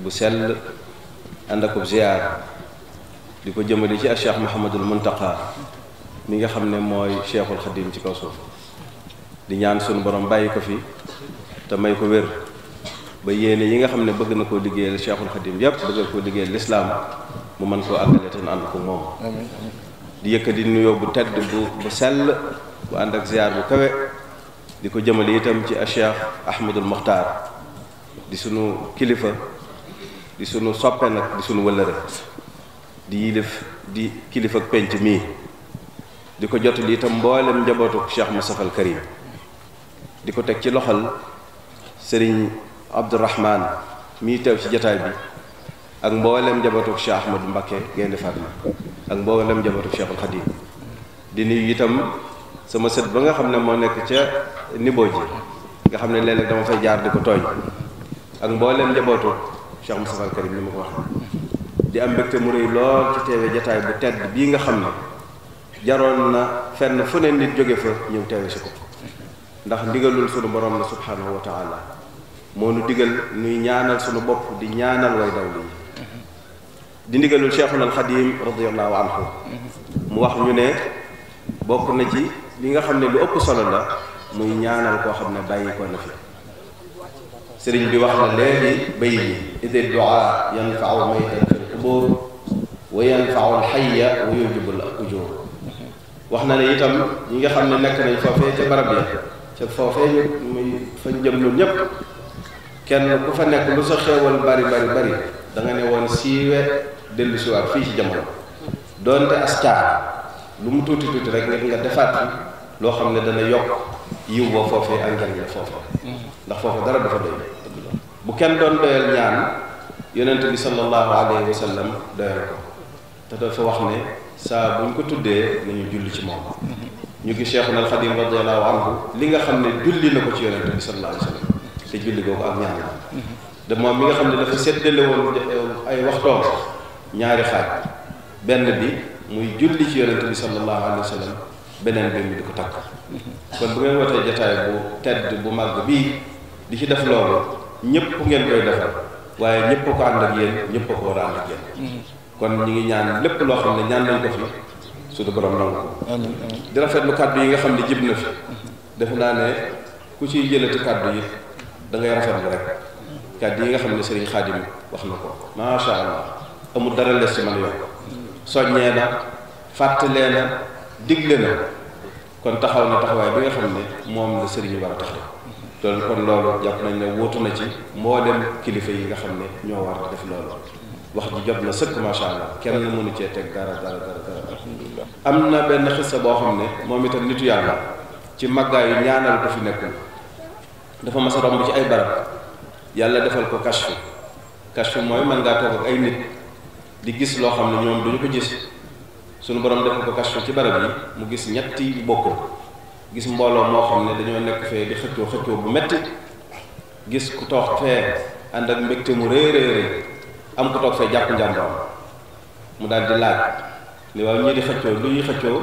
bu sell ànd akub ziar di ko jëmale ci ak cheikh Mouhamadul Muntaqa mi nga xam ne mooy cheikhul xadim ci kaw suuf di ñaan sunu borom bàyyi ko fi te may ko wér ba yéene yi nga xam ne bëgg na koo liggéeyal cheikhul xadim yépp bëgg koo liggéeyal lislaam mu mën koo àggale te ànd ko moom di yëkkati nuyoo bu tedd bu bu sell bu ànd ak ziar bu kawe di ko jëmale itam ci ak cheikh Ahmadul Mokhtar di sunu kilifa di suñu soppe nag di sunu wëllëre di yilif di kilifa ak penc mii di ko jot li itam mboolem njabootu Cheikh Moustapha al Karim di ko teg ci loxol sëriñ Abdourahman mii teew ci jataay bi ak mboolem njabootu Cheikh Ahmadou Mbacké Gaynde Fatma ak mboolem njabootu Cheikhul di nuyu itam sama set ba nga xam ne moo nekk ca Nibo ji nga xam ne léeg-léeg dama fay jaar di ko tooñ ak mboolem njabootu. Cheikh Moustapha Al Karim li ma ko wax di am mbégte mu rëy lool ci teewe jataay bu tedd bii nga xam ne jaroon na fenn fu ne nit jóge fa ñëw teewe si ko ndax ndigalul sunu borom la subhanahu wa taala moo nu digal nuy ñaanal sunu bopp di ñaanal way daw li di ndigalul Cheikhul al Xadim radiyallahu anhu mu wax ñu ne bokk na ci li nga xam ne lu ëpp solo la muy ñaanal koo xam ne bàyyi ko na fi sëriñ bi wax na léegi bay bi id duaa yanfau maytan fil qubur wa yanfau alxaya wa yujibu al ujur wax na ne itam ñi nga xam ne nekk nañ foofee ca barab ya ca foofee ñu fa jëm ñun ñépp kenn ku fa nekk lu sa xeewal bari bari bari danga ne woon siiwe dellu siwaat fii ci jamono doonte as lu mu tuuti tuuti rek ngir nga defaat loo xam ne dana yokk yiw ba foofee ak njariñ la foofa mm-hmm. ndax foofa dara dafa doy kenn doon doyal ñaan yonent bi sallallahu alayhi wa sallam doyal ko te dafa wax ne saa buñ ko tuddee nañu julli ci moom ñu gi Cheikhuna al Xadim radiyallahu li nga xam ne julli na ko ci yonent bi sallallahu alayhi wa te julli googu ak ñaan la moom mi nga xam ne dafa séddale ay waxtoom ñaari xaaj benn bi muy julli ci yonent bi sallallahu alayhi wa sallam beneen bi mu ko takk kon bu ngeen wootee jotaay bu tedd bu màgg bii di ci def loo ñëpp ngeen koy defal waaye ñëpp ko ànd ak yéen ñëpp ko war a ànd ak kon ñu ngi ñaan lépp loo xam ne ñaan nañ ko fi suñu boroom nangu ko di lu kàddu yi nga xam ne jib na fi defe naa ne ku ciy jëlati kàddu yi da ngay rafetlu rek kàddu yi nga xam ne Serigne Khadim wax na ko macha allah amul dara les ci man yokk soññee na fàttalee na digle na kon taxaw na waaye bi nga xam ne moom la Serigne war a loolu kon loolu jàpp nañ ne wóotu na ci mboolem kilifa yi nga xam ne ñoo war def loolu wax ji jot na sëkk macha allah kenn mënu cee teg dara dara dara dara alhamdulilah am na benn xissa boo xam ne moom itam nitu yàlla ci màggaayu ñaanal ko fi nekkul dafa mas a romb ci ay barab yàlla defal ko kashfu kashfu mooy mën ngaa toog ak ay nit di gis loo xam ne ñoom duñu ko gis suñu borom defal ko kashfu ci barab yi mu gis ñetti bokkoo gis mbooloo moo xam ne dañoo nekk fee di xëccoo xëccoo bu metti gis ku toog fee ànd ak mbégte mu rëy rëy am ku toog fee jàpp njàmbaam mu daal di laaj ne waaw ñii di xëccoo lu ñuy xëccoo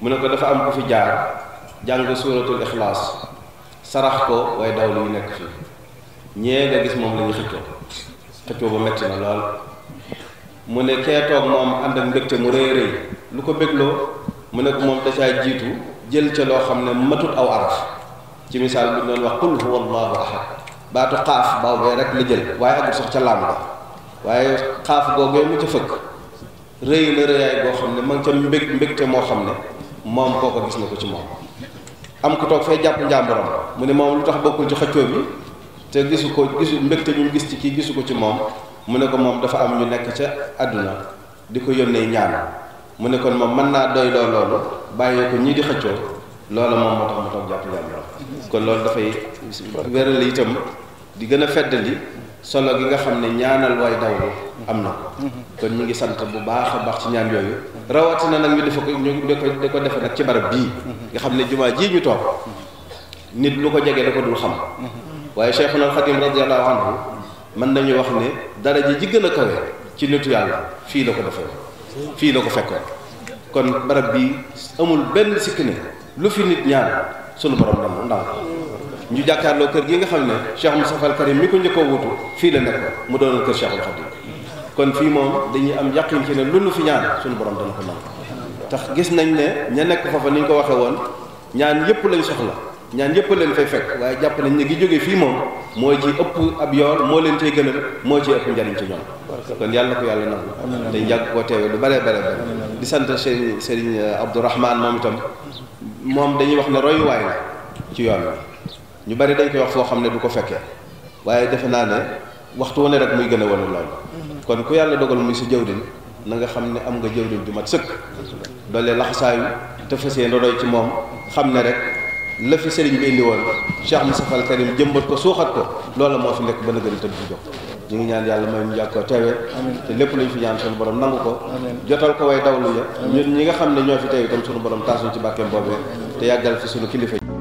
mu ne ko dafa am ku fi jaar jàng suuratul ixlaas sarax ko waaye daw lu nekk fii ñee nga gis moom lañuy ñu xëccoo xëccoo bu metti na lool mu ne kee toog moom ànd ak mbégte mu rëy rëy lu ko bégloo mu ne ko moom da caa jiitu jël ca loo xam ne matut aw araf ci misaal bi ñu doon wax qul huwa allahu ahad baatu xaaf baaw bee rek la jël waaye agul sax ca laam ba waaye xaaf googee mu ca fëgg rëy na rëyaay boo xam ne ma ngi ca mbég mbégte moo xam ne moom kooko gis na ko ci moom am ku toog fee jàpp njàmburam mu ne moom lu tax bokkul ci xëccoo bi te gisu ko gisu mbégte ñu gis ci kii gisu ko ci moom mu ne ko moom dafa am ñu nekk ca àdduna di ko yónnee ñaan mu ne kon moom mën naa doy loo loolu bàyyee ko ñii di xëccoo loola moom moo tax mu toog jàpp njàmburam kon loolu dafay wéral itam di gën a fedd feddali solo gi nga xam ne ñaanal waay dawlu am na ko kon ñu ngi sant bu baax a baax ci ñaan yooyu rawatina nag ñu defe ko ñu da ko defe nag ci barab bii nga xam ne jumaa jii ñu toog nit lu ko jege da ko dul xam waaye Cheikhuna Xadim radiyallahu anhu mën nañu wax ne daraja ji gën a kawe ci nitu yàlla fii la ko defee fii la ko fekkoon kon barab bi amul benn sikk ne lu fi nit ñaan sunu borom dam ndaw ñu jàkkaarloo kër gi nga xam ne Cheikh Moustapha Al Karim mi ko njëkkoo fii la nekk mu doonal kër Cheikhul Khadim kon fii moom dañuy am yàqin ci ne lu nu fi ñaan sunu borom dana ko nangu tax gis nañ ne ña nekk foofa ni ñu ko waxee woon ñaan yëpp lañ soxla ñaan yëpp leen fay fekk waaye jàpp nañ ne gi jóge fii moom moo ci ëpp ab yool moo leen cay gënal moo ci ëpp njariñ ci ñoom kon yàlla na ko yàlla na dañ yàgg koo teewe lu bare bare di sant Serigne Serigne Abdourahmane moom itam moom dañuy wax ne royuwaay la ci yoon ñu bari dañ koy wax foo xam ne du ko fekkee waaye defe naa ne waxtu wane rek muy gën a wane lool kon ku yàlla dogal muy sa jëwriñ na nga xam ne am nga jëwriñ ju mat sëkk doolee laxasaayu te fas yéene roy ci moom xam ne rek la fi sëriñ bi indi woon Cheikh Moustapha al Karim jëmbat ko suuxat ko loola moo fi nekk ba nëgëri tëdd fi jox ñu ngi ñaan yàlla may ñu jàkk ko teewee te lépp luñ fi ñaan sunu borom nangu ko jotal ko way dawlu ya ñun ñi nga xam ne ñoo fi teew itam sunu borom taas ñu ci bàkkee boobee te yàggal fi sunu kilifa yi